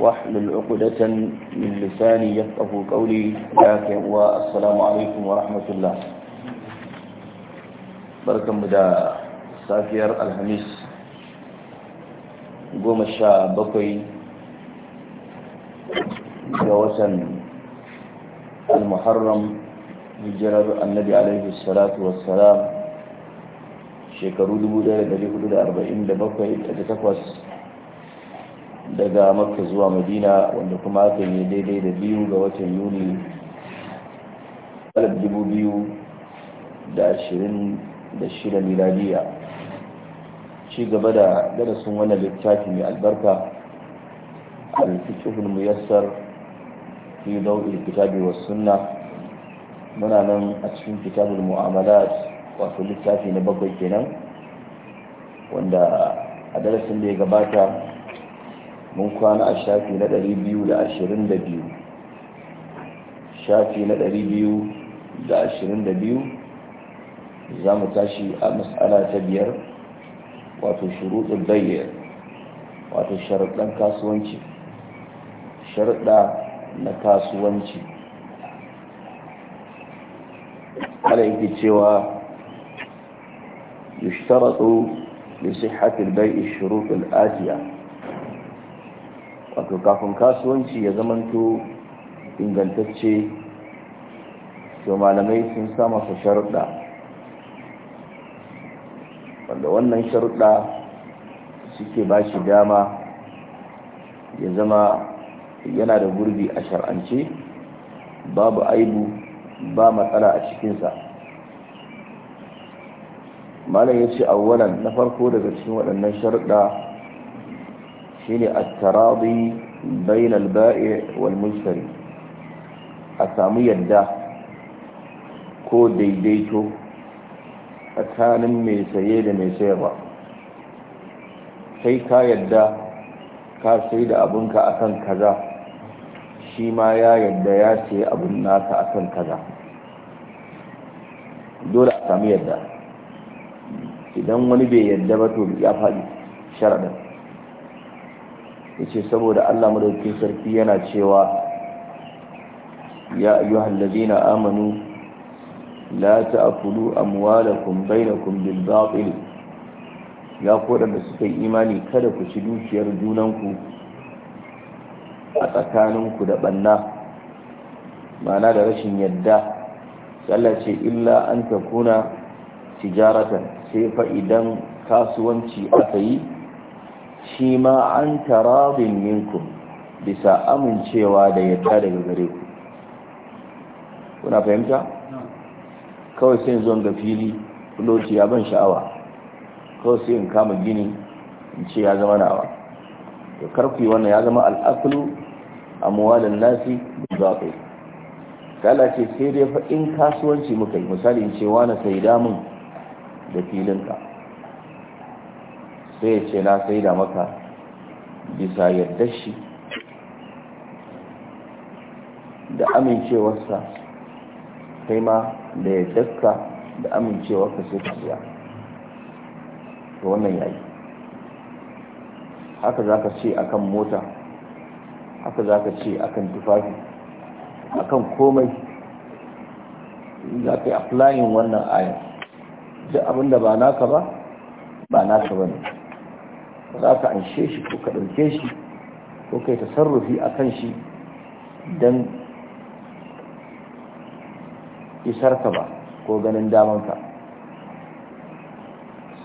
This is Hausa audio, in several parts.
واحلل عقدة من لساني يفقه قولي لكن والسلام عليكم ورحمة الله بركم دا سافير الخميس goma sha bakwai ga watan al-muharram hijirar annabi alaihi salatu wassalam shekaru 1447 da takwas daga makka zuwa madina wanda kuma aka yi daidai da biyu ga watan yuni da 2026 miladiya ci gaba da darasin wannan littafi mai albarka alfikihul muyassar fi nau'in kitabi wa sunna muna nan a cikin kitabul mu'amalat wato littafi na bakwai kenan wanda a darasin da ya gabata mun kwana a shafi na 222 shafi na 222 za mu tashi a matsala ta biyar wato shuruɗin bayyar wato sharaɗin kasuwanci sharaɗa na kasuwanci ala yake cewa yushtaratu لصحة البيع الشروط الآتية wato kafin kasuwanci ya zamanto ingantacce to malamai sun sa masa sharuɗa wanda wannan sharuɗa suke ba shi dama ya zama yana da gurbi a shar'ance babu aibu ba matsala a cikinsa malam ya ce awwalan na farko daga cikin waɗannan sharuɗa shine at-taradi bainal bai wal mushtari a samu yadda ko daidaito tsakanin mai saye da mai sayarwa sai ka yadda ka sai da abinka kan kaza shi ma ya yadda ya sayi abin nasa a kan kaza dole a sami yadda idan wani bai yadda ba to ya faɗi sharaɗin yace saboda Allah madaukin sarki yana cewa ya ayyuhal ladina amanu la ta'kulu amwalakum bainakum bil batil ya da suka yi imani kada ku ci dukiyar junanku a tsakaninku da banna ma'ana da rashin yadda Allah ce illa an takuna tijaratan sai fa idan kasuwanci aka yi shi ma an tarabin minkum bisa amincewa da yadda daga gare ku kuna fahimta kawai sai zon ga fili lokaci ya ban sha'awa kawai sai in kama gini in ce ya zama nawa to karfi wannan ya zama a muwalin nasi bizaqi kala ce sai dai faɗin kasuwanci muka yi misali in ce na sai damun da filinka sai ya ce na sai da maka bisa yadda shi da amincewarsa kai ma da yaddarka da amincewarka sai ka siya ta wannan yayi haka za ka ce akan mota haka za ka ce akan tufafi akan komai za ka yi applying wannan ayan duk abinda ba naka ba ba naka ba ne za ka anshe shi ko ka ɗauke shi ko kai tasarrufi a kan shi don isar ka ba ko ganin damanka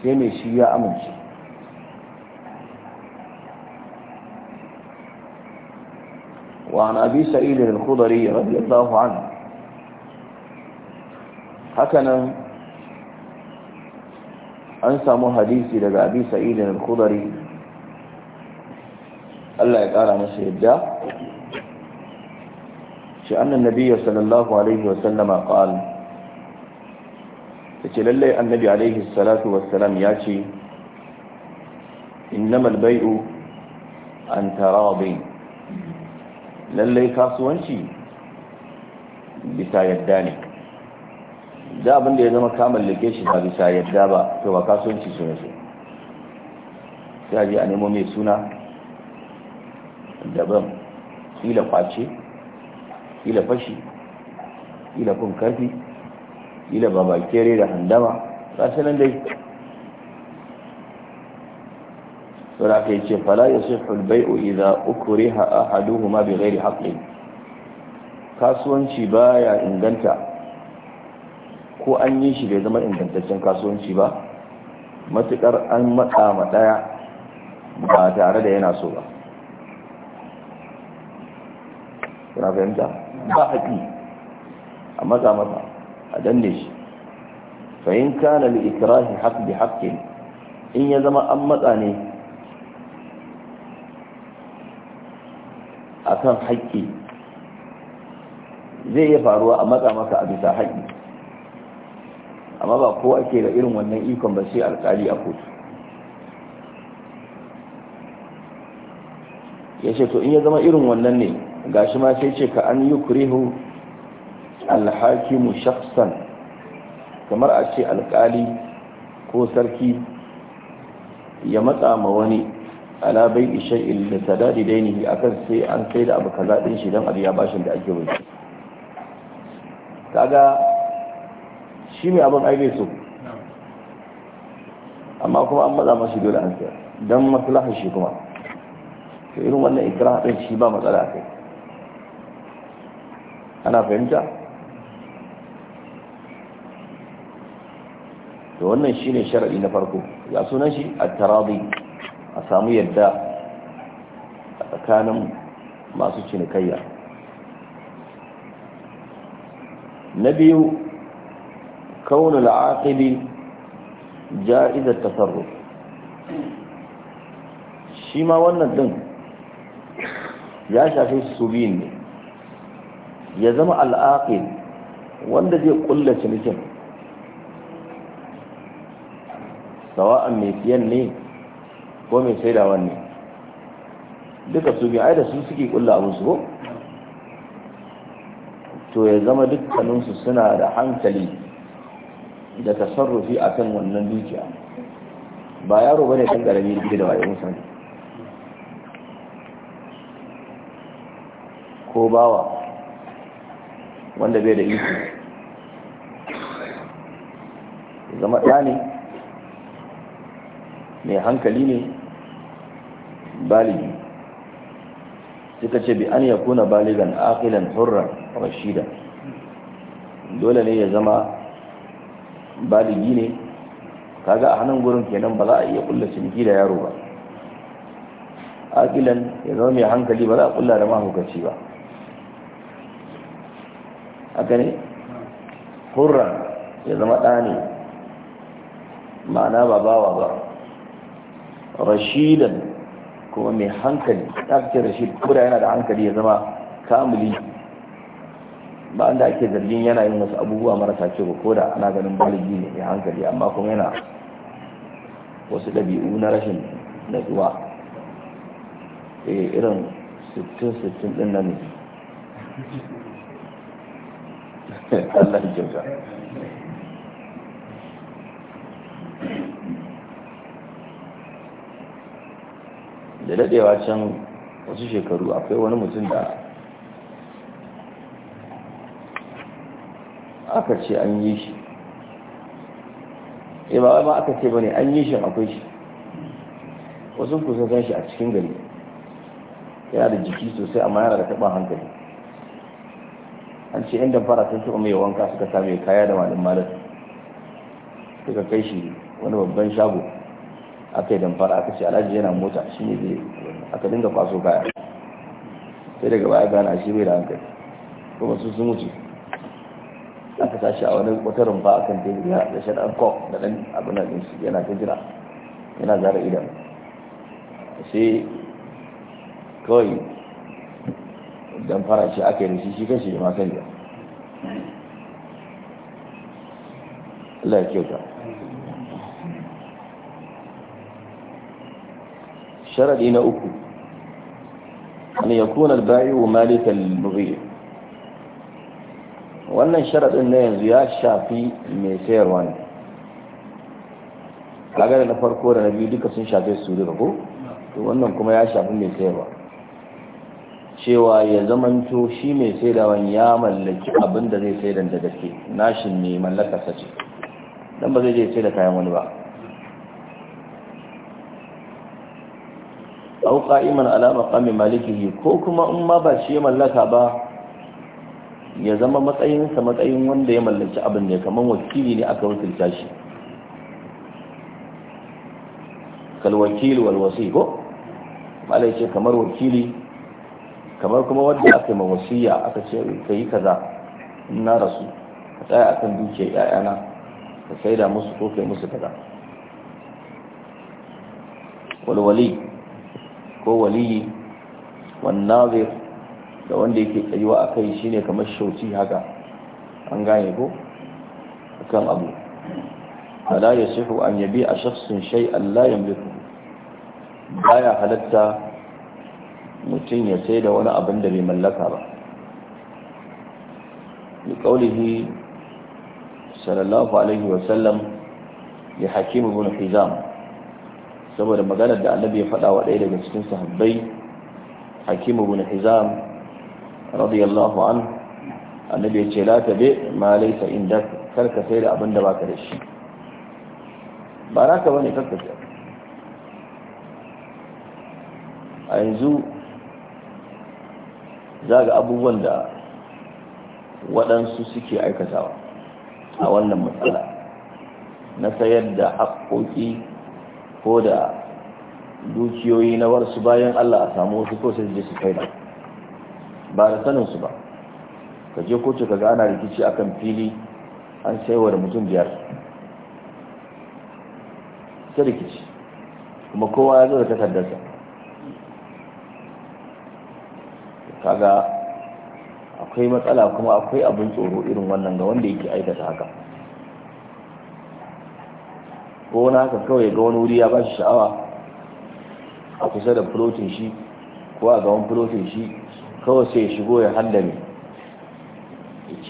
sai mai shi ya amince وعن أبي سعيد الخضري رضي الله عنه حكنا an samu hadisi daga abi sa'idin al-khudari Allah ya kara masa yadda shi annan nabiyyu sallallahu alaihi wa sallama qala yace lalle annabi alaihi salatu wassalam ya ce innamal bai'u an tarabi lalle kasuwanci bisa yadda ne da abin da ya zama ka mallake shi ba bisa yadda ba to ba kasuwanci su ne su sai a je a nemo mai suna daban kila kwace kila fashi kila kun karfi kila babakere da handama ba su nan dai sura kai ce fala ya sai hulbai'u uku ukuriha a haduhu ma bai gairi haƙƙi kasuwanci baya inganta ko an yi shi bai zama ingantaccen kasuwanci ba matukar an matsa ma daya ba tare da yana so ba kuna fahimta ba haƙi a matsa masa a danne shi fahim kana da ikrahi haƙi bi haqqin in ya zama an matsa ne a kan haƙƙi zai iya faruwa a matsa maka a bisa haƙƙi amma ba kowa ke da irin wannan ikon ba sai alkali a kotu ya ce to in ya zama irin wannan ne ga shi ma sai ce ka an yi kurihu alhakimu shafsan kamar a ce alkali ko sarki ya matsa ma wani ala bai ishe da sadadi dainihi akan sai an sai da abu kaza ɗin shi don abu ya bashin da ake wani kaga shi mai abin ai bai so amma kuma an matsa mashi dole an siya don maslahar shi kuma to irin wannan ikra haɗin shi ba matsala a kai ana fahimta to wannan shine sharaɗi na farko ya sunan shi a tarabi a samu yadda a tsakanin masu cinikayya na biyu kauna al'aqibi ja'iz at-tasarruf shi ma wannan din ya shafi su biyun ne ya zama al'aqil wanda zai kulla cinikin sawa'an mai siyan ne ko mai saidawan wanne? duka su bi aida su suke kulla abin su to ya zama dukkaninsu suna da hankali da tasarrufi kan wannan dukiya ba yaro ne kan karami da da wayo musan ko bawa wanda bai da iko zama ɗa ne mai hankali ne baligi suka ce bi an ya kuna baligan akilan hurran rashida dole ne ya zama baligi ne kaga a hannun gurin kenan ba za a iya kulla ciniki da yaro ba akilan ya zama mai hankali ba za a kulla da mahaukaci ba haka ne hurran ya zama ɗa ma'ana ba bawa ba rashidan kuma mai hankali ɗafce rashid kuda yana da hankali ya zama kamuli ba da ake zargin yana yin wasu abubuwa marasa kyau ko da ana ganin baligi ne ya hankali amma kuma yana wasu ɗabi'u na rashin natsuwa eh irin 60-60 ɗin nan ne Allah kyauta da daɗewa can wasu shekaru akwai wani mutum da aka ce an yi shi e ba ma aka ce ba ne, an yi shi akwai shi wasu kusa sun shi a cikin gari yana da jiki sosai amma yana da taɓa hankali an ce yan damfara sun taɓa mai wanka suka same kaya da malin malin suka kai shi wani babban shago aka yi damfara aka ce alhaji yana mota shi ne zai aka dinga kwaso kaya sai daga baya gana shi bai da hankali kuma su sun mutu aka tashi a wani kwatarin ba a kan teburi ya da shanan ko da ɗan abin da shi yana ta jira yana zara idan sai kawai don fara shi aka yi shi shi kan shi ma sanya Allah ya kyauta sharaɗi na uku أن يكون البائع malikan المبيع wannan sharaɗin na yanzu ya shafi mai sayarwa ne kaga da na farko da na biyu duka sun shafe su duka ko to wannan kuma ya shafi mai sayarwa cewa ya zamanto shi mai saidawan ya mallaki abin da zai saidan da gaske nashin ne mallakarsa ce don ba zai je sai da kayan wani ba auka iman alama maqami maliki ko kuma in ma ba shi mallaka ba ya zama matsayinsa matsayin wanda ya mallaki abin da ya kamar wakili ne aka wakilta shi kalwakili walwasi ko malai ce kamar wakili kamar kuma wanda aka yi mawasiya aka ce ka yi kaza na rasu ka tsaya akan duke yayana ka saida musu ko kai musu kaza walwali ko waliyi wannan zai da wanda yake tsayuwa a kai shine kamar shauci haka an gane ko kan abu ala ya sifu an yabi a shafsun shai Allah ya mulku baya halatta mutum ya sai da wani abin da bai mallaka ba da kaulihi sallallahu alaihi wa sallam, ya hakimu bin hizam saboda maganar da annabi ya faɗa wa ɗaya daga cikin sahabbai hakimu bin hizam radiyallahu an annabi ya ce la tabi ma laysa karka sai da abin da baka da shi ba raka bane karka sai a yanzu za ga abubuwan da waɗansu suke aikatawa a wannan matsala na sayar da haƙoƙi ko da dukiyoyi na warsu bayan Allah a samu wasu ko sai su je su kai ba da saninsu su ba ka je kotu ka ana rikici akan fili an saiwa da mutum biyar ta rikici kuma kowa ya zo da takardarsa kaga akwai matsala kuma akwai abin tsoro irin wannan ga wanda yake aikata haka ko wani haka kawai ga wani wuri ya ba shi sha'awa a kusa da furotin shi ko a gaban furotin shi kawai sai ya shigo ya ne ya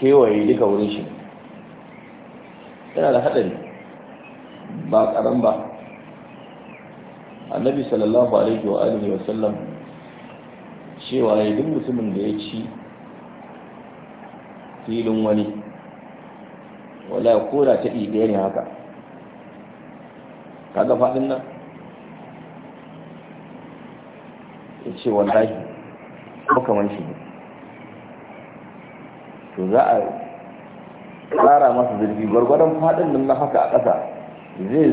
kewaye duka wurin shi yana da haɗari ba ƙaran ba annabi sallallahu alaihi wa alihi wa sallam cewa ya duk mutumin da ya ci filin wani wala koda ta ɗiɗe ne haka kaga faɗin nan ya ce wallahi makamanci to za a tsara masa zurfi gwargwadon faɗin nan na haka a ƙasa zai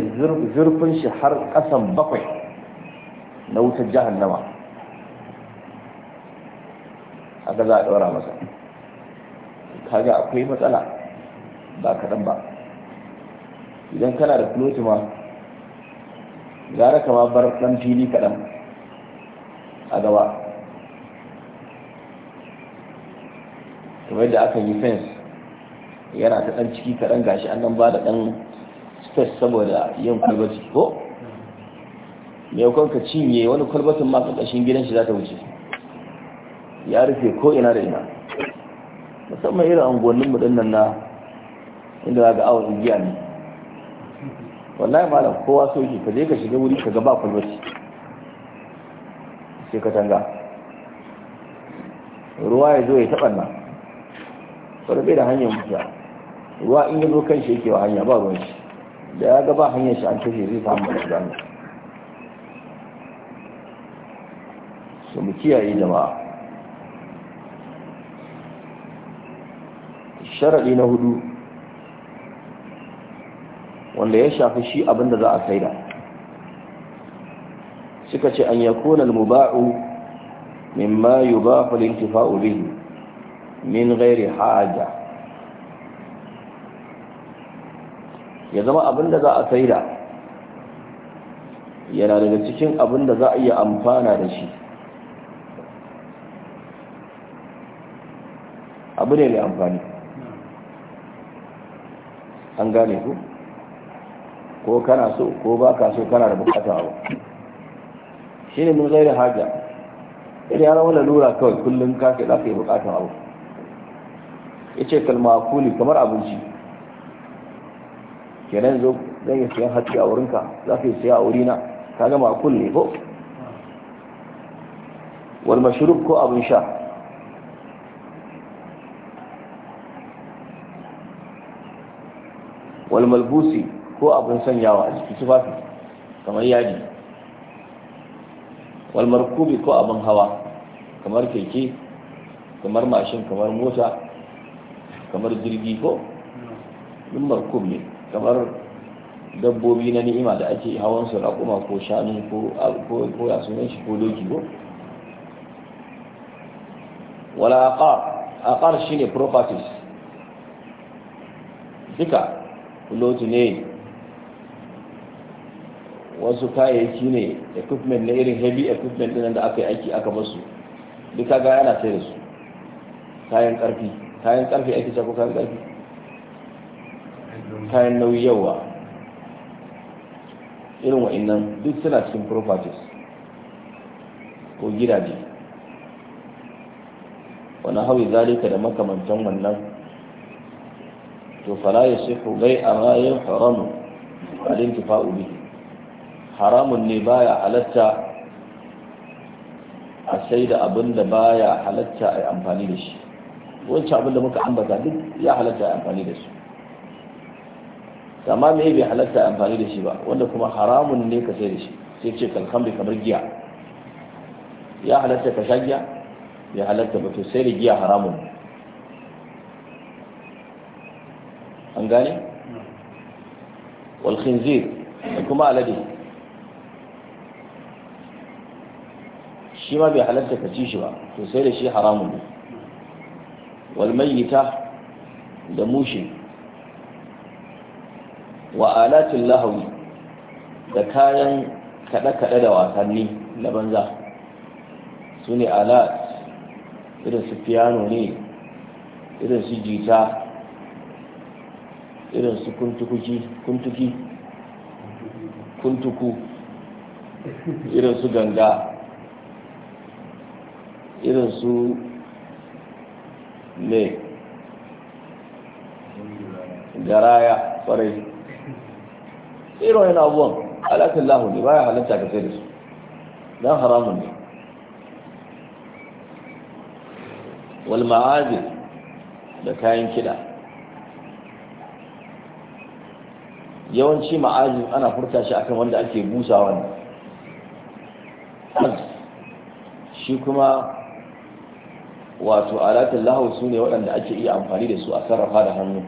zurfin shi har ƙasan bakwai na wutar jahannama haka za a ɗora masa kaga akwai matsala ba kaɗan ba idan kana da filoti ma gara kama bar ɗan fili kaɗan a gaba kamar da aka yi fence yana ta ɗan ciki kaɗan gashi an nan ba da ɗan space saboda yin kwalbati ko mai ka cinye wani kwalbatin ma ƙarƙashin gidan shi za ta wuce ya rufe ko ina da ina musamman irin angonin mu dinnan na inda za ga awon igiya ne wallahi malam kowa so yake ka je ka shiga wuri ka ga ba kwalbati sai ka tanga ruwa ya zo ya taɓa nan farbe da bai da hanyar mutuwa ruwa in yi kan shi yake wa hanya ba ruwan shi da ya ga ba hanyar shi an kashe zai samu da shiga su mu kiyaye jama'a sharaɗi na hudu wanda ya shafi shi abinda za a saida suka ce an yakunan muba'u mimma yubahu lintifa'u bihi min ghairi haja ya zama abinda za a saida yana daga cikin abinda za a iya amfana da shi abu ne mai amfani an gane ku ko kana so ko ba ka so kana da bukata abu shi ne mun zai da haja idan ya rawar lura kawai kullum kafin ke za ka yi bukatan abu yace kalma kuli kamar abinci kenan zo zan yi siyan hatsi a wurinka za ka yi siya a wurina ka gama akul ne ko wal mashrub ko abin sha wal malbusi ko abin sanyawa a jiki tufafi kamar yaji wal markubi ko abin hawa kamar keke kamar mashin kamar mota kamar jirgi ko in markub ne kamar dabbobi na ni'ima da ake hawan su raƙuma ko shanu ko ya sunan shi ko doki ko wala aqar aqar shine properties duka kuloti ne wasu kayayyaki ne equipment na irin heavy equipment ɗin da aka yi aiki aka basu duka ga yana sai da su kayan karfi kayan karfe ake ce ko kayan karfe kayan nauyi yawa irin wa'annan duk suna cikin properties ko gidaje wani hawi zalika da makamantan wannan to fala ya shi bai a rayun haramun alin tufa ubi haramun ne baya halatta a sai da abin da baya halatta a yi amfani da shi wancan abin da muka ambata duk ya halatta amfani da su amma me bai halatta amfani da shi ba wanda kuma haramun ne ka sai da shi sai ce kalkan bai kamar giya ya halatta ka sha giya bai halatta ba to sai da giya haramun an gane wal khinzir da kuma alade shi ma bai halatta ka ci shi ba to sai da shi haramun ne walmayita da mushi wa alatin lahawi da kayan kaɗe-kaɗe da wasanni na banza su ne alat irin su fiyano ne irin su jita irin su kuntuki kuntuku irin su ganga irin su ne garaya kwarai irin wani abuwan alaƙin lahu ne baya halitta ka sai da su don haramun ne wal da kayan kiɗa yawanci ma'aji ana furta shi akan wanda ake busawa ne shi kuma wato alatin lahu su ne waɗanda ake iya amfani da su a sarrafa da hannu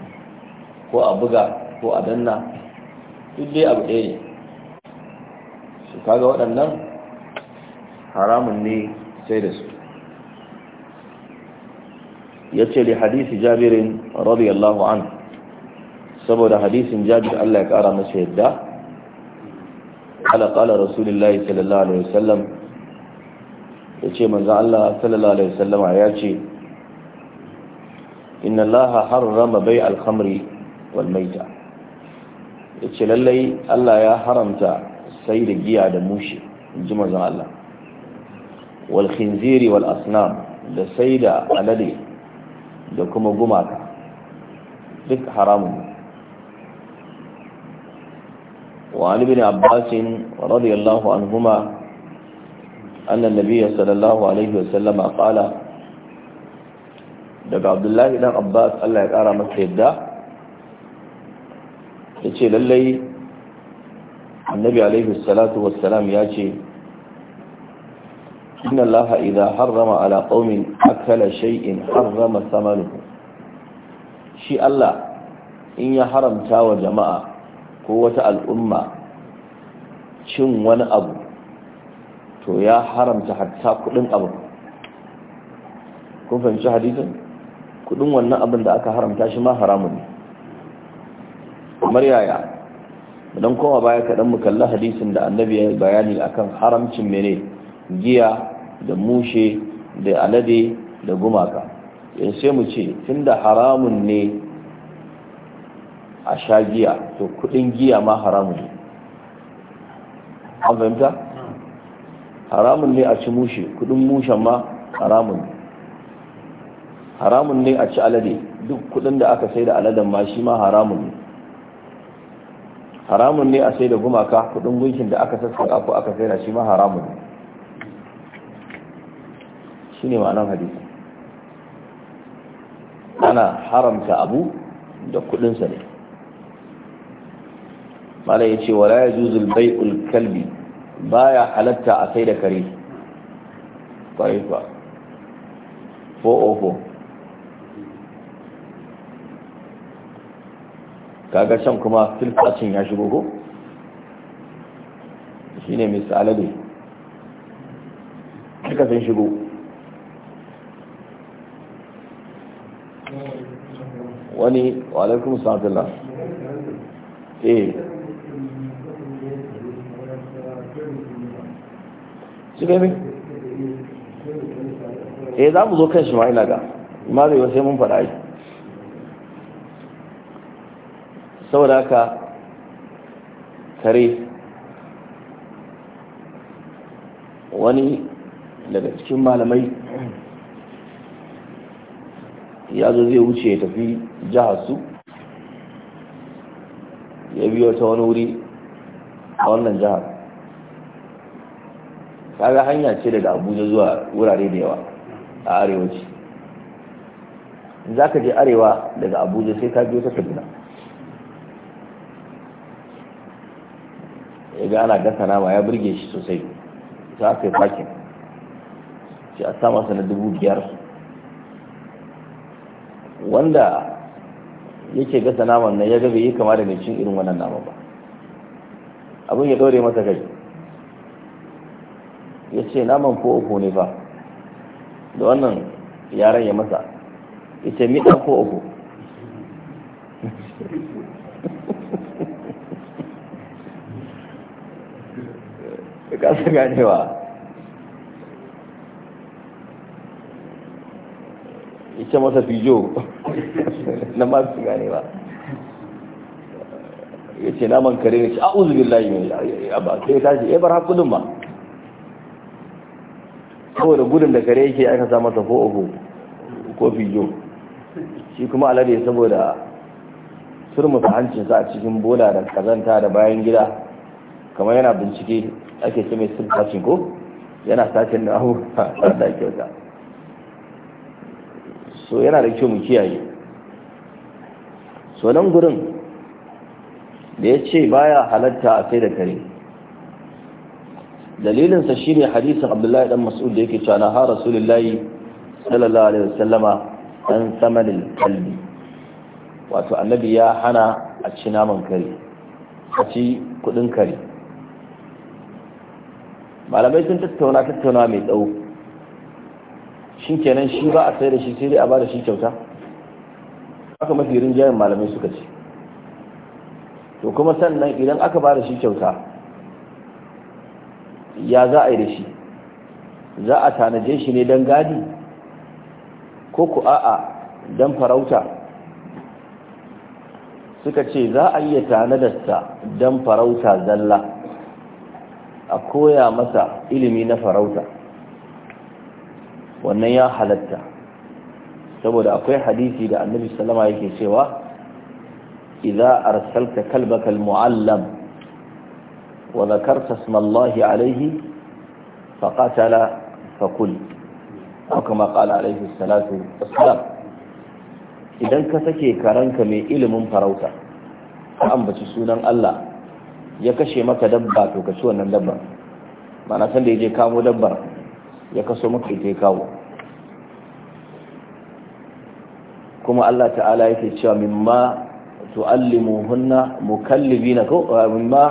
ko a buga ko a danna duk dai abu ɗaya ne su kaga waɗannan haramun ne sai da su ya ce da hadisi jabirin radiyallahu an saboda hadisin jabir Allah ya ƙara masa yadda ala ƙala rasulullahi sallallahu alaihi wasallam ce manzan Allah sallallahu alaihi wasallama ya ce inna Allah harrama bai alhamri wal maita ya ce lallai Allah ya haramta sai da giya da mushe in ji manzan Allah wal khinziri wal asnam da sai da alade da kuma gumaka duk haramun وعن ابن Abbasin radiyallahu الله أن النبي صلى الله عليه وسلم قال daga abdullahi dan abba allah ya ƙara masa yadda ya ce lallai annabi alaihi salatu wassalam ya ce inna allaha idha harrama ala qaumin akala shay'in harrama samanuhu shi allah in ya haramta wa jama'a ko wata al'umma cin wani abu to ya haramta hatta kudin abin kun fahimci hadisin kudin wannan abin da aka haramta shi ma haramun ne kamar yaya idan koma baya kaɗan mu kalli hadisin da annabi ya bayani akan haramcin mene giya da mushe da alade da gumaka in eh, sai mu ce tunda haramun ne a sha giya to kudin giya ma haramun ne an fahimta haramun ne a ci mushe kudin mushen ma haramun ne haramun ne a ci alade duk kudin da aka sai da aladen ma shi ma haramun ne haramun ne a sai da gumaka kudin gunkin da aka sassa ko aka sai da shi ma haramun ne shi ne ma'anar hadisi ana haramta abu da kudinsa ne mala ya ce wa la ya juzul bai'ul kalbi baya halatta a sai da kare kwarai kwa 404 kaga shan kuma filfacin ya shigo ko shi ne mr alade sun shigo wani walaikun sa'adullah eh shi kai eh za mu zo kan shi ma ina ga ma sai mun faɗa shi saboda haka kare wani daga cikin malamai ya zo zai wuce ya tafi su ya biyo ta wani wuri a wannan jihar kaga hanya ce daga abuja zuwa wurare da yawa a arewaci za ka je arewa daga abuja sai ka biyo ta kaduna ya ga ana gasa nama ya burge shi sosai za ka yi fakin shi a sa sana na dubu biyar wanda yake gasa naman nan ya ga bai yi kama da mai cin irin wannan nama ba abin ya ɗaure masa kai ya ce naman ko uku ne ba da wannan yaran ya masa ya ce mita ko uku ya kasa ganewa ya ce masa fijo na masu ganewa ya ce naman kare ya ce a'uzu ne ya ba sai ya tashi ya eh, bar hakudin ba saboda gudun da kare yake aka sa masa ko uku ko fijo shi kuma alade saboda surmuka hancinsa a cikin bola da kazanta da bayan gida kamar yana bincike ake ce mai sun ko yana sakin da abu da kyauta so yana da kyau mu kiyaye so nan gurin da ya ce baya halatta a sai da kare dalilin sa shine hadisin Abdullahi dan Mas'ud da yake cewa na ha Rasulullahi sallallahu alaihi wasallama an samanil kalbi wato annabi ya hana a ci naman kare a ci kudin kare malamai sun tattauna tattauna mai tsawo shin kenan shi ba a sai da shi sai dai a ba da shi kyauta haka mafi rinjayen malamai suka ce to kuma sannan idan aka ba da shi kyauta ya za a yi da shi za a tanaje shi ne don gadi ko ku a'a don farauta suka ce za a iya tanadarsa don farauta zalla a koya masa ilimi na farauta wannan ya halatta saboda akwai hadisi da annabi salama yake cewa idza arsalta kalbaka almuallam وذكرت اسم الله عليه فقتل فكل أو كما قال عليه الصلاة والسلام إذا كسكي كرنك من إلم فروتا أم بتسونا الله يكشي مك دبا تكسونا دبا ما نسان دي جي كامو دبا يكسو مك تيكاو كما الله تعالى يكشي مما تعلموهن مكلبين مما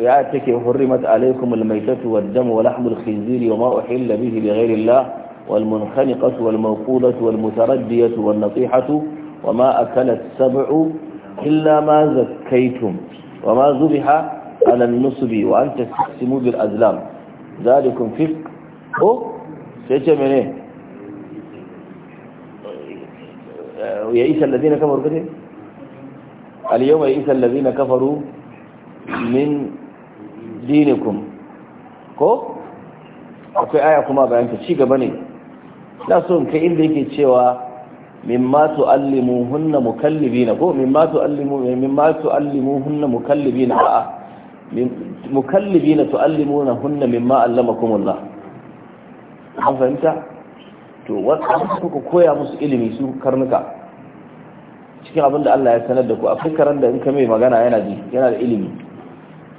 ويعتكي وحرمت عليكم الميتة والدم ولحم الخنزير وما أحل به لغير الله والمنخنقة والموقولة والمتردية والنطيحة وما أكل السبع إلا ما زكيتم وما ذبح على النصب وأن تستقسموا بالأزلام ذلكم فق أو سيتم من إيه ويأيس الذين كفروا اليوم يأيس الذين كفروا من dinikum ko akwai aya kuma bayan ta ci gaba ne na so in kai inda yake cewa mimma allimu hunna mukallibina ko mimma tu'allimu mimma allimu hunna mukallibina a'a mukallibina tu'allimuna hunna mimma allamakumullah an fahimta to wasu kuka koya musu ilimi su karnuka cikin abin da Allah ya sanar da ku a fikaran da in ka mai magana yana ji yana da ilimi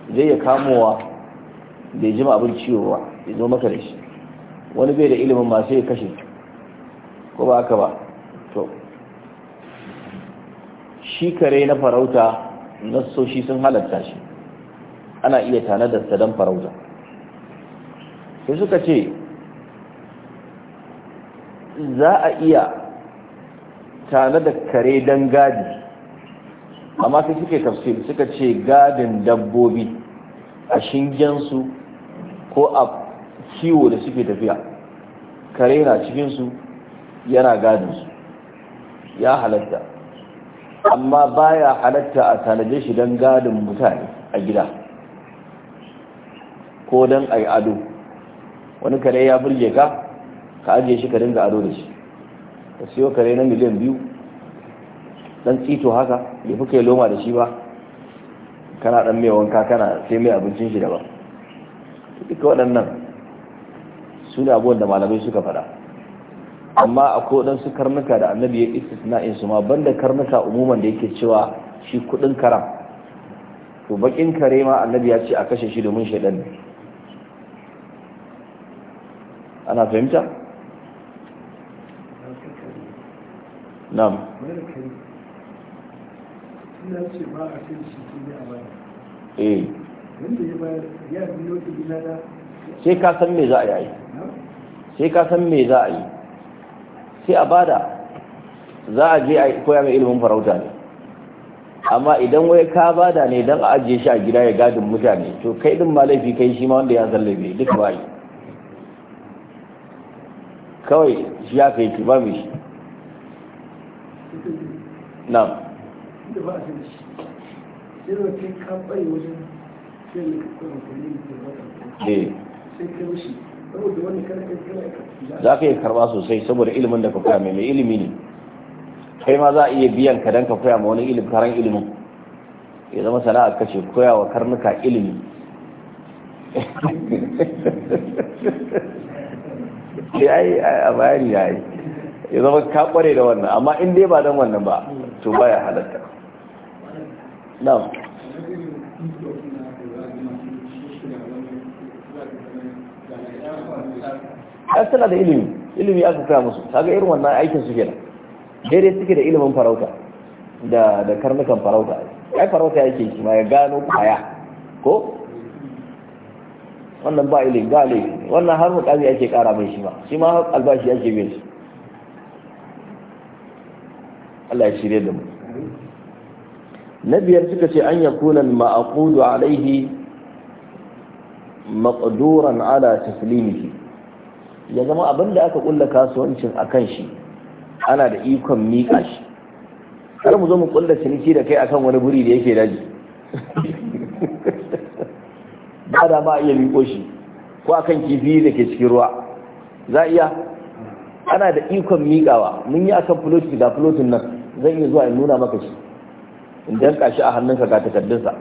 zai ya kamowa bai jima abin ciwo ba ya zo maka da shi wani bai da ilimin masu ya kashe ko ba aka ba to shi kare na farauta na nassoshi sun halatta shi ana iya tanadar sa don farauta sai suka ce za a iya tanadar kare don gadi amma sai suke tafsir suka ce gadin dabbobi a shingensu ko a kiwo da suke tafiya kare na cikinsu yana gadinsu ya halatta amma baya halatta a tanaje shi don gadin mutane a gida ko don a yi ado wani kare ya burge ka ka ajiye shi ka dinga ado da shi ka siyo kare na miliyan biyu dan tsito haka ya fi kai loma da shi ba kana dan mai wanka kana sai mai abincin shi daban duka waɗannan su ne abubuwan da malamai suka faɗa amma akwai waɗansu karnuka da annabi ya istisna'in su ma banda karnuka umuman da yake cewa shi kuɗin karam to bakin kare ma annabi ya ce a kashe shi domin shaidan ne ana fahimta? na'am na ce ba a kan shi ne a baya eh wanda ya bayar ya biyo ta gida sai ka san me za a yi sai ka san me za a yi sai a bada za a je a koya mai ilimin farauta ne amma idan wai ka bada ne don a ajiye shi a gida ya gadin mutane to kai din ma laifi kai shi ma wanda ya san laifi duka ba yi kawai shi ya kai ki ba mishi na'am da ba da shi sai da kai ka bai wajen sai da eh. sai ka rushe saboda wani za ka yi karba sosai saboda ilimin da ka koya mai mai ilimi ne kai ma za a iya biyan ka dan ka koya ma wani ilimin karan ilimin ya zama sana'a kace koya wa karnuka ilimi ya yi a bayani ya yi ya zama ka kware da wannan amma in dai ba don wannan ba to baya halatta na'am ya tana da ilimi ilimi aka kira musu kaga irin wannan aikin su kenan daidai suke da ilimin farauta da karnukan farauta ai farauta yake shi ma ya gano kwaya ko wannan ba ilimi ba ne, wannan har mutane ake kara mai shi ma shi ma albashi ake bin shi Allah ya shirye da mu na biyar suka ce an yakunan ma'aqudu alaihi maƙaduran ala tafilinihi ya zama abin da aka kulla kasuwancin a kan shi ana da ikon miƙa shi har mu zo mu kulla ciniki da kai a kan wani buri da yake daji ba da ma iya miƙo shi ko a kan kifi da ke cikin ruwa za iya ana da ikon miƙawa mun yi a kan fulotin da fulotin nan zan iya zuwa in nuna maka shi in danka shi a hannunka ga takardunsa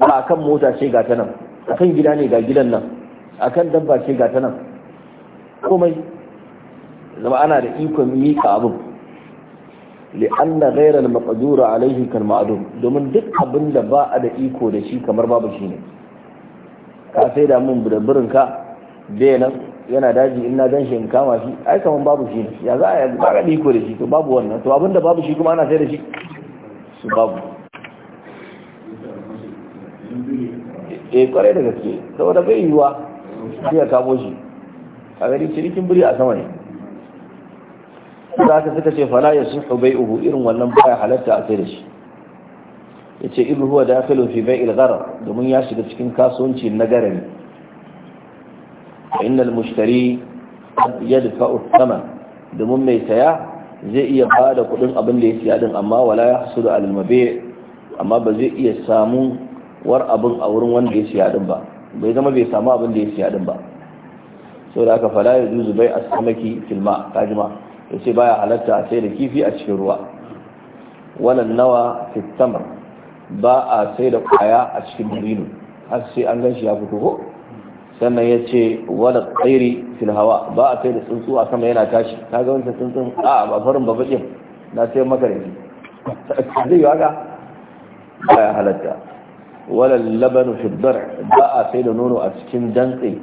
a kan mota ce ga ta nan a kan gida ne ga gidan nan a kan dabba ce ga ta nan komai zama ana da ikon miƙa abin li'anna ghayra al-maqdur alayhi kal ma'dum domin duk abin da ba a da iko da shi kamar babu shi ne ka sai da mun da ka, da nan yana daji in na ganshi in kama shi ai kaman babu shi ne ya za a ba ga iko da shi to babu wannan to abinda babu shi kuma ana sai da shi su babu e kwarai da gaske saboda bai yiwuwa sai ya kamo shi a gari cinikin biri a sama ne za ta suka ce fala ya sun bai uhu irin wannan baya halatta a sai da shi ya ce ibu huwa da ya fi bai ilgara domin ya shiga cikin kasuwanci na garari a inda mushtari ya dafa utsaman domin mai saya zai iya ba da kudin abin da ya siya din amma wala ya hasu da almabe amma ba zai iya samu war abin a wurin wanda ya siya din ba bai zama bai samu abin da ya siya din ba sau da aka fara ya zuzu bai a samaki filma kajima ya ce baya halatta a sai da kifi a cikin ruwa wannan nawa fitamar ba a sai da kwaya a cikin birnin har sai an gan shi ya fito ko sannan ya ce wada tsairi fil hawa ba a kai da tsuntsu a sama yana tashi ta ga wancan tsuntsun a ba farin ba na sai maka da shi zai yi haka ba ya halatta wala labanu fidbar ba a sai da nono a cikin dantse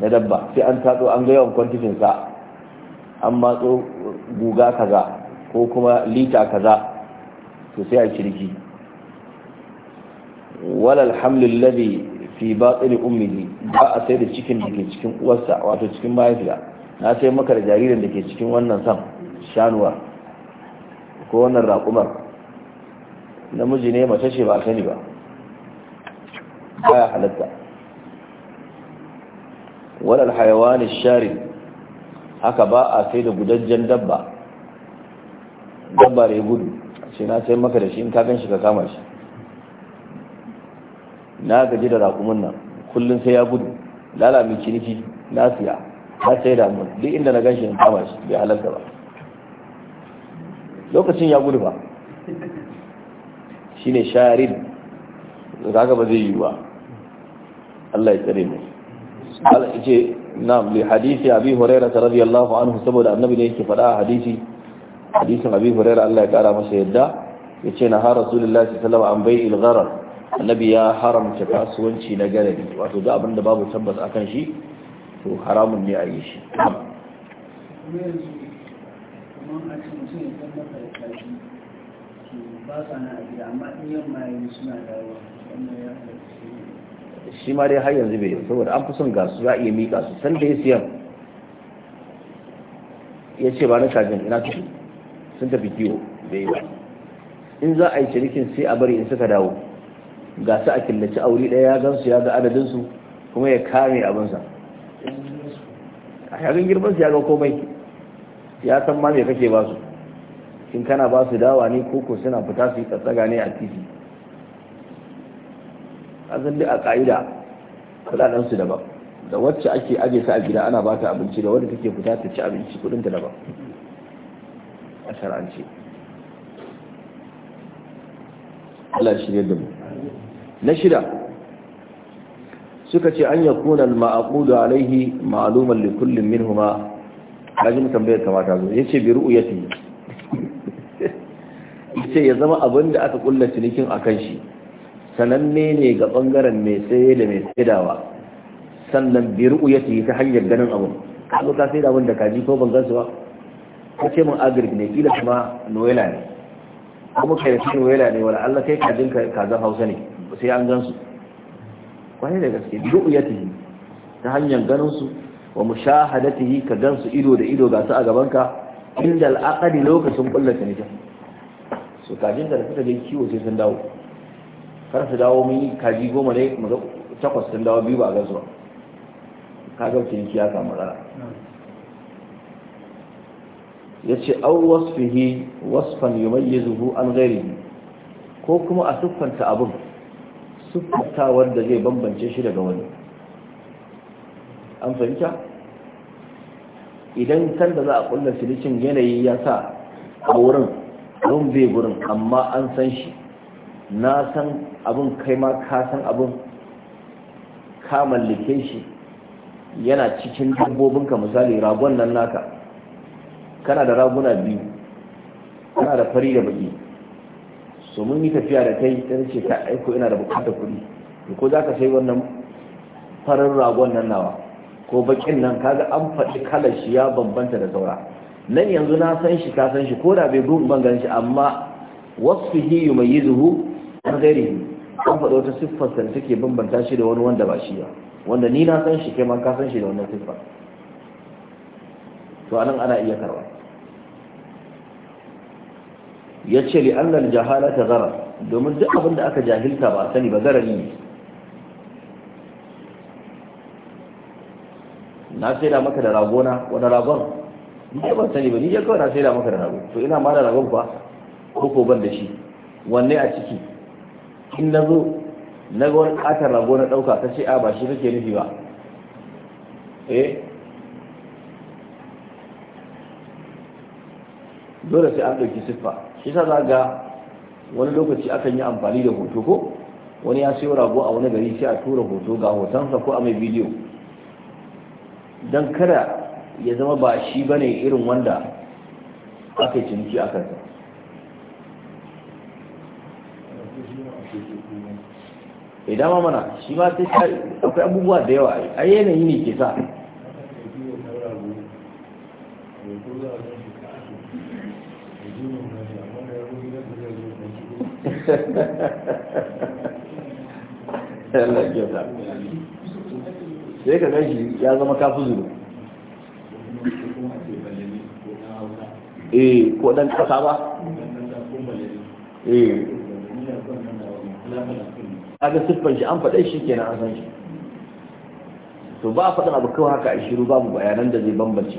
na dabba sai an tatso an ga yawan kwantifin sa an matso guga kaza ko kuma lita kaza to sai a kirki wala alhamdulillahi fi tsari ummihi ba a sai da cikin da ke cikin uwarsa wato cikin mahaifiya na sai maka da jaririn da ke cikin wannan sam shanuwa ko wannan raƙumar namiji ne mace ce ba a sani ba baya halatta wadal hayawani shari haka ba a sai da gudajen dabba dabba ya gudu ce na sai maka da shi in ka gan shi ka kama shi na gaji da raƙumin nan kullum sai ya gudu lalami ciniki na siya na sai da mun duk inda na ganshi in kama shi bai halarta ba lokacin ya gudu ba shine sharin kaga ba zai yi ba Allah ya tsare mu Allah ya ce na'am li hadisi Abi Hurairah radiyallahu anhu saboda annabi ne yake faɗa hadisi hadisin Abi Hurairah Allah ya kara masa yadda yace na ha Rasulullahi sallallahu alaihi wasallam an bai'il gharar annabi ya haramta kasuwanci na garari wato da abinda babu tabbas akan shi to haramun ne a yi shi shi ma dai har yanzu bai saboda an fi son gasu za a iya miƙa su san da ya siyan ya ce ba na kajin ina tafi sun tafi kiwo bai yi ba in za a yi cinikin sai a bari in suka dawo ga su a killace aure ɗaya ya gansu ya ga adadinsu kuma ya kame abinsa a girman su ya ga komai ya san ma me kake ba su in kana ba su dawa ne koko suna fita su yi tsatsaga ne a titi a duk a kudaden su daban da wacce ake aje su a gida ana ba ta abinci da wanda take fita ta ci abinci kuɗinta daban a shar'ance Allah shirye da mu na shida suka ce an yakuna al-ma'qud alaihi ma'luman li kullin minhuma kaji mu tambayar kamata zo yace bi ru'yati yace ya zama abin da aka kulla cinikin akan shi sananne ne ga bangaren mai tsaye da mai saidawa sannan bi ru'yati ta hanyar ganin abu. ka zo ka saida abin da kaji ko ban gansu ba kace mun agric ne kila kuma noela ne kuma karshen wela ne wala Allah kai kajin kazan hausa ne sai an gansu kwaye da gaske ru'yatihi ta hanyar ganin su wa mushahadatihi ka gansu ido da ido ga su a gaban ka inda al'aqadi lokacin kullata ne so kajin da suka je kiwo sai sun dawo kar su dawo mun yi kaji goma ne mu ga takwas sun dawo biyu ba a su ba ka ga kin ya samu rana ya ce an wasfihi wasfan yi mai an gari ko kuma a siffanta abin siffantawar da zai bambance shi daga wani an fahimta idan kan da za a kulla silicin yanayi ya sa a wurin don bai gurin amma an san shi na san abin kai ma ka san abin ka mallake shi yana cikin dabbobinka misali ragon nan naka kana da raguna biyu kana da fari da baki so mun yi tafiya da kai ta ce ka aiko ina da bukatar kuɗi ko za ka sai wannan farin ragon nan nawa ko bakin nan kaga an faɗi kalar shi ya bambanta da saura nan yanzu na san shi ka san shi ko da bai gun ban gan shi amma wasfihi yumayyizuhu an gairihi an faɗi wata siffar da take bambanta shi da wani wanda ba shi ba wanda ni na san shi kai ma ka san shi da wannan siffar to anan ana iya karɓa ya ce li annal jahala ta zara domin duk abin da aka jahilta ba sani ba zarari ne na sai da maka da ragona wani ragon ni ban sani ba ni ya kawai na sai da maka da ragon? to ina ma da ragon ba ko ko ban da shi wanne a ciki in na zo na ga wani katar rago na ɗauka ta ce a ba shi kake nufi ba eh dole sai an ɗauki siffa shi sa za ga wani lokaci akan yi amfani da hoto ko wani ya sayo rago a wani gari sai a tura hoto ga hotonsa ko a mai bidiyo don kada ya zama ba shi ba ne irin wanda aka ciniki a kansa idan eh, ma mana shi ma sai akwai abubuwa da yawa a yanayi ne ke sa sai ka gashi ya zama kafi zuru eh ko dan kasa ba eh shi an faɗe shi kenan an san shi to ba faɗin abu kawai haka a shiru babu bayanan da zai bambance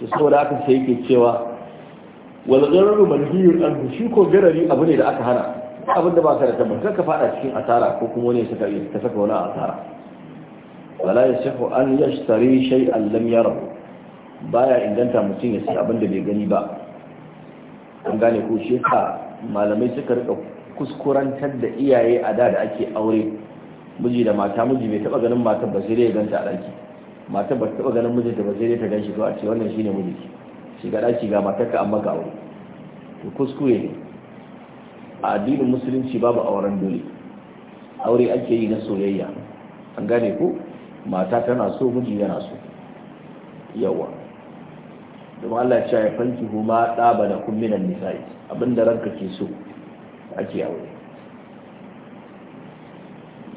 to saboda haka sai yake cewa wal gararu manhiyun anhu shi ko garari abu ne da aka hana abin da ba ka da tabbata ka fada cikin asara ko kuma ne saka yi ka saka wani asara wala yasihu an yashtari shay'an lam yarahu baya inganta mutum ya sai abin da bai gani ba an gane ko shi yasa malamai suka rika kuskurantar da iyaye a da da ake aure miji da mata miji bai taba ganin matar ba sai dai ya ganta a ɗaki matar ba ta taba ganin da ba sai dai ta gan shi to a ce wannan shine miji shiga daki ga matarka amma ga aure to kuskure ne a addinin musulunci babu auren dole aure ake yi na soyayya an gane ko mata tana so miji yana so yawa domin Allah ya ya fanki huma ɗaba da kumminan nisa'i abinda ranka ke so ake aure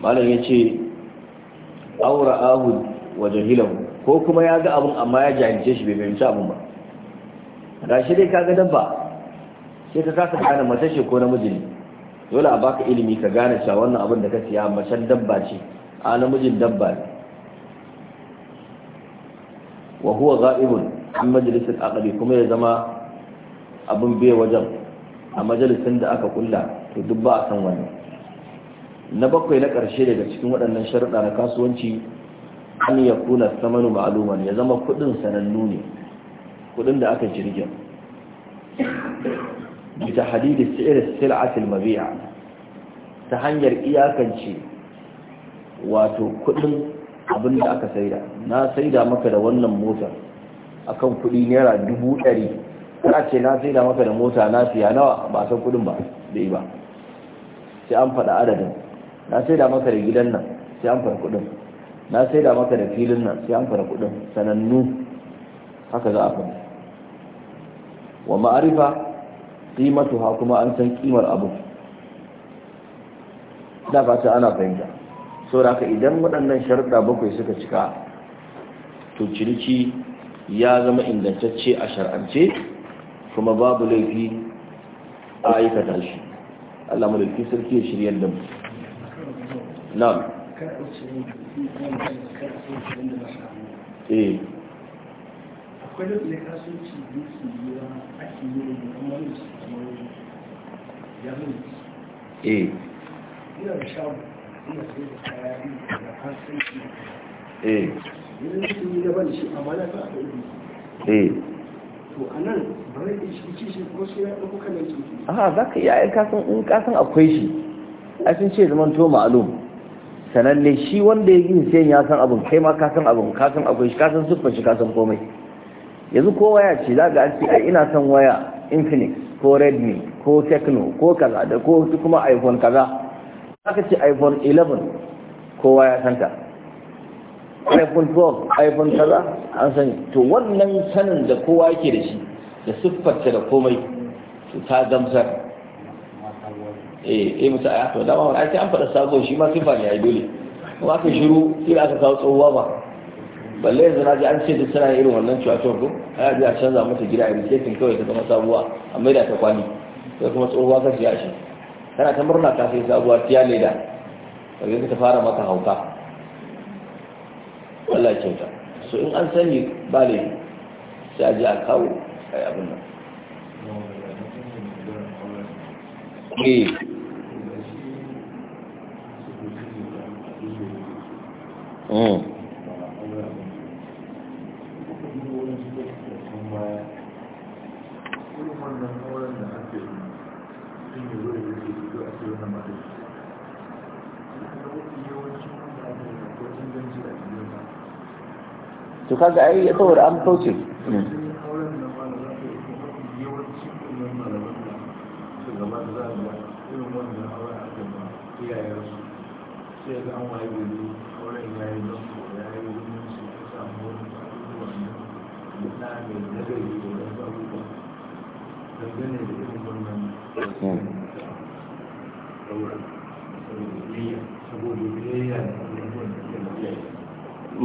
malam ya ce aura ahu wa jahilahu ko kuma ya ga abun amma ya jahilce shi bai fahimci abun ba ga shi dai kaga dabba sai ka kasa gane mace ce ko namiji ne dole a baka ilimi ka gane cewa wannan abin da ka siya macen dabba ce a namijin dabba ne wa huwa za'ibun an majalisar aqli kuma ya zama abin bai wajen a majalisin da aka kulla to duk ba a san wannan na bakwai na ƙarshe daga cikin waɗannan sharuɗa na kasuwanci an ya kuna samanu ma'aluman ya zama kuɗin sanannu ne kudin da aka jirgin bisa hadidi si'ir sil'atil mabi'a ta hanyar iyakance wato kudin abin da aka saida na saida maka da wannan motar akan kudi naira dubu ɗari kana ce na saida maka da mota na siya nawa ba san kudin ba bai ba sai an faɗa adadin na saida maka da gidan nan sai an faɗa kudin na saida maka da filin nan sai an faɗa kudin sanannu haka za a faɗa wa ma'arifa ha kuma an san kimar abu da fata ana fahimta da haka idan waɗannan sharuɗa bakwai suka cika to ciriki ya zama ingantacce a shar'ance kuma babu laifi a aikata shi Allah laifi sarki ya shirya da mu na'am akwai da ne kasuwanci da yake yi wa ake yi da kuma yi su kamar yahoo eh ina da shago ina sai da kaya da kasuwanci eh ina da shi da ban shi a mana ta a yi eh to a nan ba da shi shi ko sai ya ɗauko kanan ciki aha za ka iya kasan in kasan akwai shi a sun ce zaman to ma'alum sananne shi wanda ya yi sai ya san abin kai ma ka san abin ka san akwai shi ka san siffar shi ka san komai yanzu ko waya ce za ga ake ce ina son waya infinix ko redmi ko techno ko kaza da ko kuma iphone kaza aka ce iphone 11 ko waya santa iphone 12 iphone kaza an sani to wannan sanin da kowa yake da shi da siffarta da komai to ta gamsar eh eh musa ya to dama wani ake an faɗa sabon shi ma siffa ne yi dole kuma ka shiru sai aka kawo tsohuwa ba balle yanzu na ji an ce duk suna irin wannan cuwatuwar ko ana biya canza mata gida a riketin kawai ta zama sabuwa a maida ta kwani sai kuma tsohuwa ka siya shi kana ta murna ta sai sabuwa tiya leda kaga ta fara maka hauka ya kyauta so in an sani ba ne sai a ji a kawo a abin nan Mm. -hmm. ake wannan ba dai to kaga ai saboda an kauce hmm.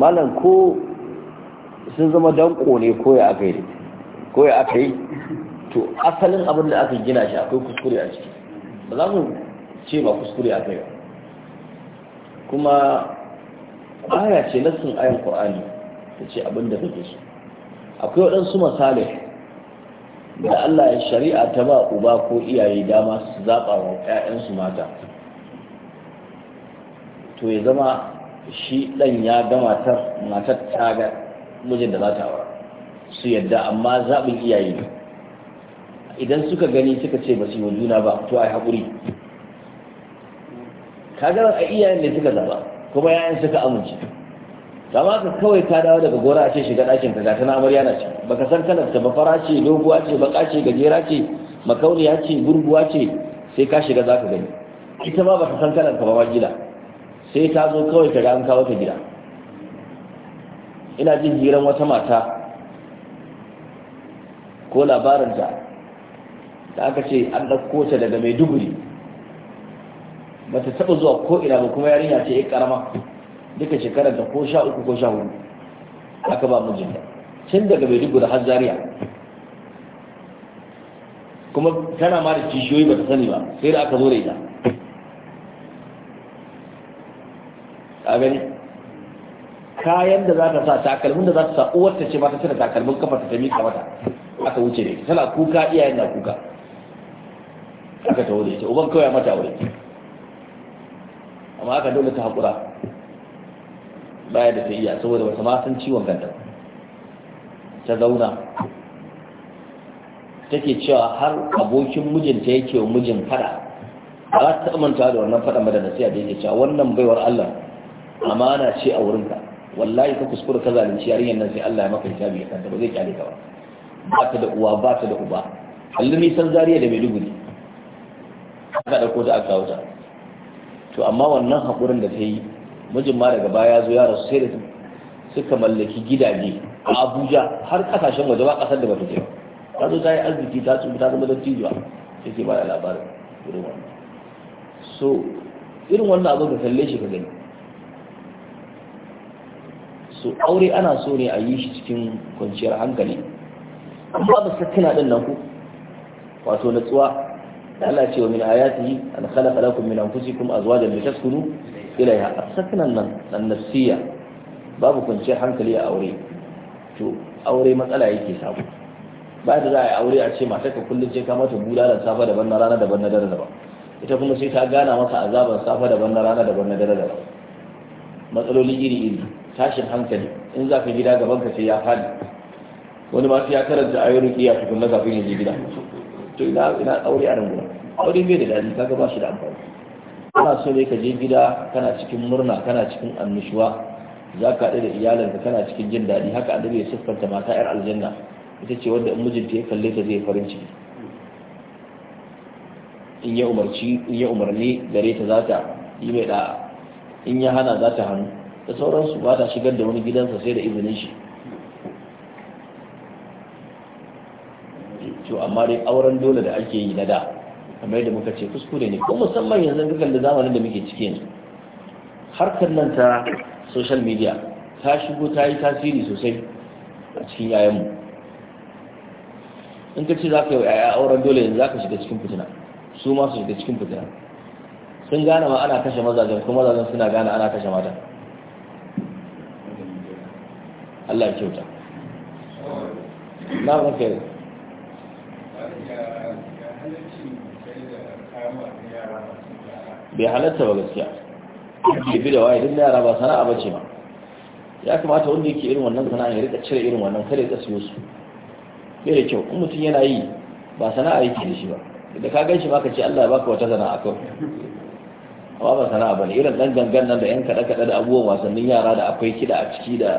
malam ko sun zama danko ne koya aka yi koya aka yi to asalin abin da aka gina shi akwai kuskure a ciki ba za mu ce ba kuskure aka yi kuma aya ce nassin ayan qur'ani ta ce abin da kake so akwai waɗansu misali da Allah ya shari'a ta ba uba ko iyaye dama su zaɓa wa 'ya'yansu mata to ya zama shi ɗan ya ga matar matar ta ga mijin da za ta aura su yadda amma zaɓin iyaye ne idan suka gani suka ce ba su yi juna ba to a haƙuri kaga a iyayen ne suka zaba kuma yayan suka amince kama ka kawai ka dawo daga gora a ce shiga ɗakin ka gata na amarya na ce baka san kalar ta ba fara ce doguwa ce baka ce gajera ce makauniya ce gurguwa ce sai ka shiga zaka gani ita ma baka san kalar ka ba gida. sai ta zo kawai ta an kawo ta gida ina jin hiran wata mata ko labaranta da aka ce an ɗauko ta daga maiduguri ba ta taɓa zuwa ko ina ba kuma yarinya ce ya ƙarama duka shekarar da ko sha uku ko sha hudu aka ba mu jinda tun daga mai maiduguri har zaria kuma tana ma da kishiyoyi ba ta sani ba sai da aka zo da ita gani kayan da za ta sa takalmin da za ta sa uwarta ce ba ta cire takalmin kafa ta miƙa mata aka wuce ne tana kuka iyayen na kuka aka ta wuce uban kawai mata wuri amma aka dole ta haƙura baya da ta iya saboda wata ma san ciwon ganta ta zauna take cewa har abokin mijinta yake wa mijin fada ba za ta amanta da wannan fada madana da nasiya da yake cewa wannan baiwar Allah amana ce a wurinka wallahi ka kuskura ka zalunci yarinyar nan sai Allah ya maka hisabi ya kanta ba zai kyale ka ba ba ta da uwa ba ta da uba mai san zariya da maiduguri aka ko ta aka wuta to amma wannan hakurin da ta yi mijin ma daga baya zo ya rasu sai da suka mallaki gidaje a Abuja har kasashen waje ba kasar da ba ta ba ta zo ta yi arziki ta tsubu ta zama dattijuwa sai ke ba da labarin irin wannan so irin wannan abin da kalle shi ka gani so aure ana so ne a yi shi cikin kwanciyar hankali amma ba sakina ɗin nan ku wato natsuwa Allah ce wa min ayatihi an khalaqa lakum min anfusikum azwajan litaskunu a asaknan nan nan nafsiya babu kwanciyar hankali a aure to aure matsala yake samu ba da za a yi aure a ce matar ka kullum ce ka mata da safa daban na rana daban na dare daban ita kuma sai ta gana masa azaban safa daban na rana daban na dare daban matsaloli iri iri tashin hankali in za ka gida gaban ka sai ya fadi wani ma sai ya karanta ayoyin rukiya tukun na ka yi gida to ina ina aure a rangura aure bai da dadi kaga ba shi da amfani kana so ne ka je gida kana cikin murna kana cikin annishuwa za ka haɗu da iyalanka kana cikin jin daɗi haka annabi ya siffanta mata yar aljanna ita ce wanda in mijinta ya kalle ta zai farin ciki in ya umarci in ya umarni gare ta za ta yi mai da in ya hana za ta hannu da sauransu ba ta shigar da wani gidansa sai da izinin shi to amma dai auren dole da ake yi na da kamar yadda muka ce kuskure ne ko musamman yanzu ga da zamanin da muke cikin yanzu harkar nan ta social media ta shigo ta yi tasiri sosai a cikin yayanmu in ka ce za ka yi yaya auren dole yanzu za ka shiga cikin fitina su ma su shiga cikin fitina sun gane ma ana kashe mazajen kuma mazajen suna gane ana kashe mata Allah ya kyauta na kuma kai. bai halatta ba gaskiya bi da waye duk yara ba sana'a ba ce ma ya kamata wanda yake irin wannan sana'a ya rika cire irin wannan kare ka siyo su bai da kyau in mutum yana yi ba sana'a yake da shi ba da ka gan shi ma ka ce Allah ya baka wata sana'a kawai amma ba sana'a bane irin ɗan gangan nan da yan kaɗe-kaɗe da abubuwan wasannin yara da akwai kiɗa a ciki da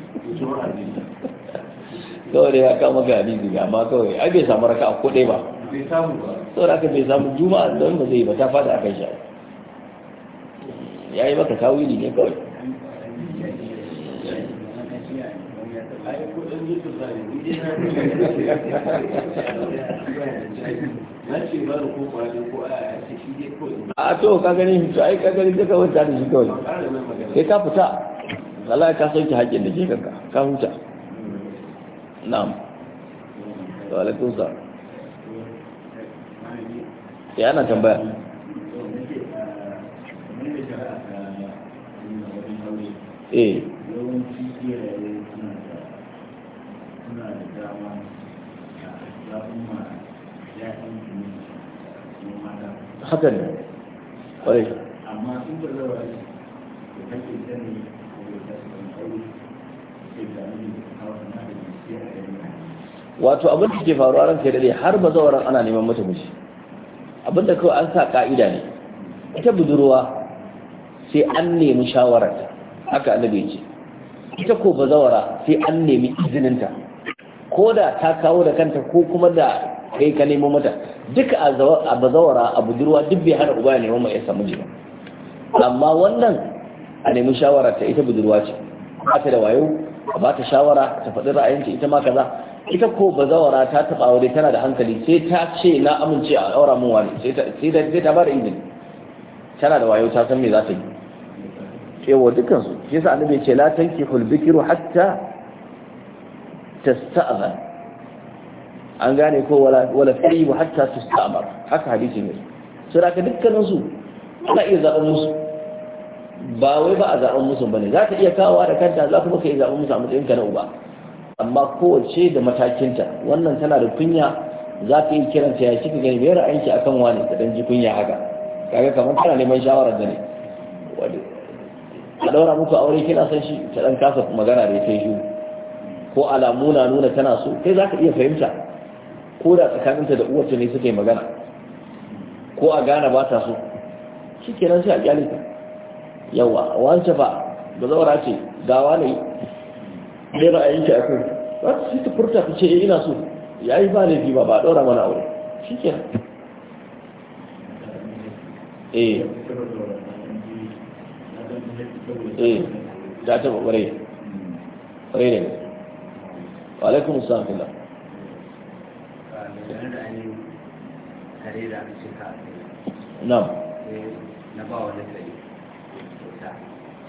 kawai ya kama ga hadisi amma kawai ai bai samu raka a kudai ba bai da aka bai samu juma'a don ba zai ba ta fada kan sha ya yi maka tawili ne kawai a to ka gani to ai ka gani duka wata da shi kawai sai ka fita wallahi ka sauke haƙƙin da ke kanka ka huta na'am alaikum sa ya ana tambaya eh hakan ne da wato abin da ke faruwa ranka dare har bazawaran ana neman mata miji abin da kawai an sa ka'ida ne ita budurwa sai an nemi shawararta haka annabi ya ce ita ko bazawara sai an nemi izininta ko da ta kawo da kanta ko kuma da kai ka nemo mata duka a bazawara a budurwa duk bai hana uba ya neman mai ya miji ba amma wannan a nemi shawara ta ita budurwa ce ba ta da wayo a ba ta shawara ta faɗi ra'ayinta ita ma kaza ita ko bazawara ta taɓa aure tana da hankali sai ta ce na amince a aura mun wani sai ta ba da izini tana da wayo ta san me za ta yi cewa dukansu shi yasa annabi ce la tankihul bikru hatta tasta'zan an gane ko wala wala tayyibu hatta tasta'mar haka hadisi ne Sai ka dukkanin su ana iya zaɓar musu ba wai ba a zaɓen musu ba ne, za ka iya kawowa da kanta za kuma ka yi zaɓen musu a matsayin ka na uba amma kowace da matakinta wannan tana da kunya za ka iya kiranta ya kika gani mai ra'ayinki akan wani ka dan ji kunya haka kaga kamar tana neman shawarar da ne a ɗaura muku aure kina san shi ta ɗan kasa magana da ya kai shi ko alamu na nuna tana so kai za ka iya fahimta ko da tsakaninta da uwarta ne suka yi magana ko a gane ba ta so shi kenan sai a kyale yawa wance ba da zaura ce gawa ne ne ra'ayinki a yi za ta sita furta ta ce eh, ina so ya yi ba laifi ba ba a mana aure shi ke eh eh ta taɓa ƙwarai ƙwarai ne wa alaikun salam fila na na ba wani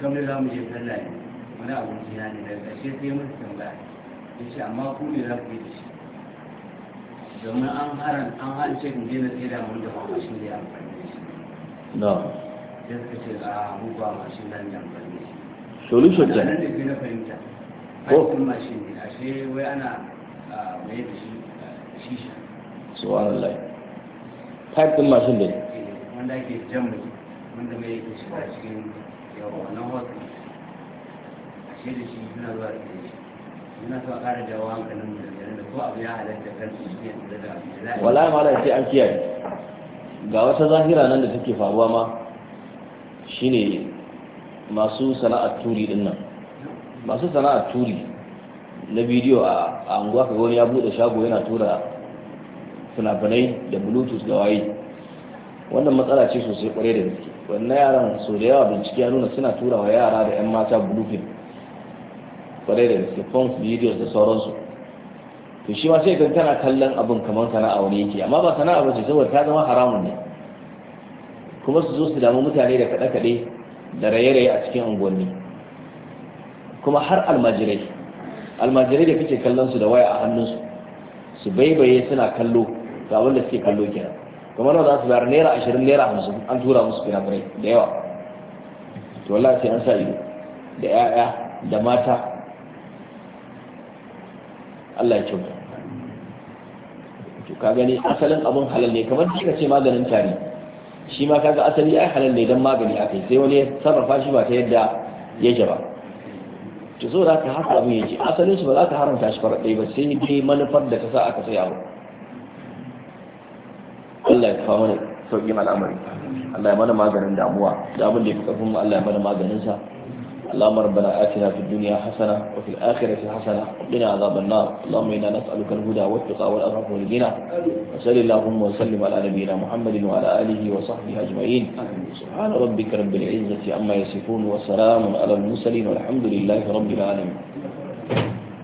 kamar za mu je sallah ne wani abin jina ne daga ƙarshe sai mun tambaya ya ce amma ku ne za ku yi da shi domin an haran an ce in jina sai da mun da mamashin da ya amfani da shi da sai suka ce a mu ba mashin nan ya amfani da shi solution ta nan da ke na fahimta aikin mashin ne ashe wai ana mai da shi shisha subhanallah pipe din mashin ne eh, wanda ake jan mai wanda mai shi a cikin yawa wannan shi da shi ya halatta sai an kiyaye ga wata zahira nan da take faruwa ma shine masu sana'ar turi din nan masu sana'ar turi na bidiyo a anguwa ka wani ya bude shago yana tura finafinai da bluetooth da waye wannan matsala ce sosai kwarai da gaske wannan yaran so da yawa bincike ya nuna suna tura wa yara da 'yan mata bulufin kwarai da gaske fons videos da sauransu to shi ma sai kan tana kallon abin kamar sana'a wani yake amma ba sana'a ba ce saboda ta zama haramun ne kuma su zo su damu mutane da kaɗe-kaɗe da raye-raye a cikin unguwanni kuma har almajirai almajirai da kake kallon su da waya a hannunsu su baibaye suna kallo ga abin da suke kallo kenan kamar da za su bayar naira ashirin naira hamsin an tura musu finafirai da yawa to wala sai an sa ido da 'ya'ya da mata Allah ya kyauta to ka gani asalin abun halal ne kamar kika ce maganin tari shi ma kaga asali ya halal ne dan magani a kai sai wani ya sarrafa shi ba ta yadda ya ba to so da ka haka abin yake asalin shi ba za ka haramta shi farar ɗaya ba sai dai manufar da ka sa aka sai abu Allah ya kawo ne sauƙin al'amari Allah ya mana maganin damuwa da abin da ya fi ƙarfin mu Allah ya mana maganin sa Allahumma rabbana atina fid dunya hasana wa fil akhirati hasana wa qina adhaban nar Allahumma inna nas'aluka al huda wat taqwa wal afafa wal ghina wa sallallahu wa sallim ala nabiyyina Muhammadin wa ala alihi wa sahbihi ajma'in subhana rabbika rabbil izzati amma yasifun wa salamun ala al mursalin walhamdulillahi rabbil alamin